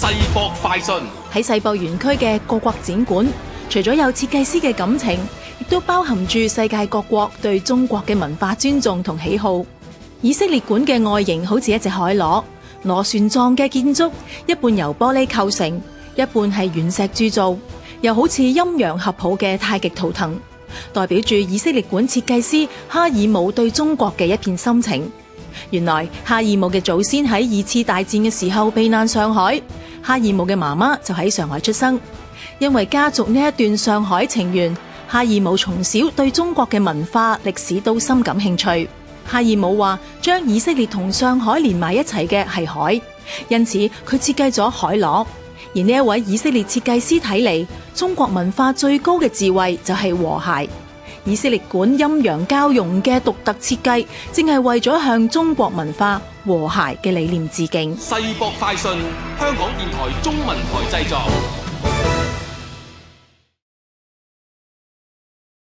世博快訊喺世博園區嘅各國展館，除咗有設計師嘅感情，亦都包含住世界各國對中國嘅文化尊重同喜好。以色列館嘅外形好似一隻海螺，螺旋狀嘅建築，一半由玻璃構成，一半係原石鑄造，又好似陰陽合抱嘅太極圖騰，代表住以色列館設計師哈伊姆對中國嘅一片深情。原來哈伊姆嘅祖先喺二次大戰嘅時候避難上海。哈伊姆嘅媽媽就喺上海出生，因為家族呢一段上海情緣，哈伊姆從小對中國嘅文化歷史都深感興趣。哈伊姆話：將以色列同上海連埋一齊嘅係海，因此佢設計咗海螺。而呢一位以色列設計師睇嚟，中國文化最高嘅智慧就係和諧。以色列館陰陽交融嘅獨特設計，正係為咗向中國文化和諧嘅理念致敬。世博快訊，香港電台中文台製作。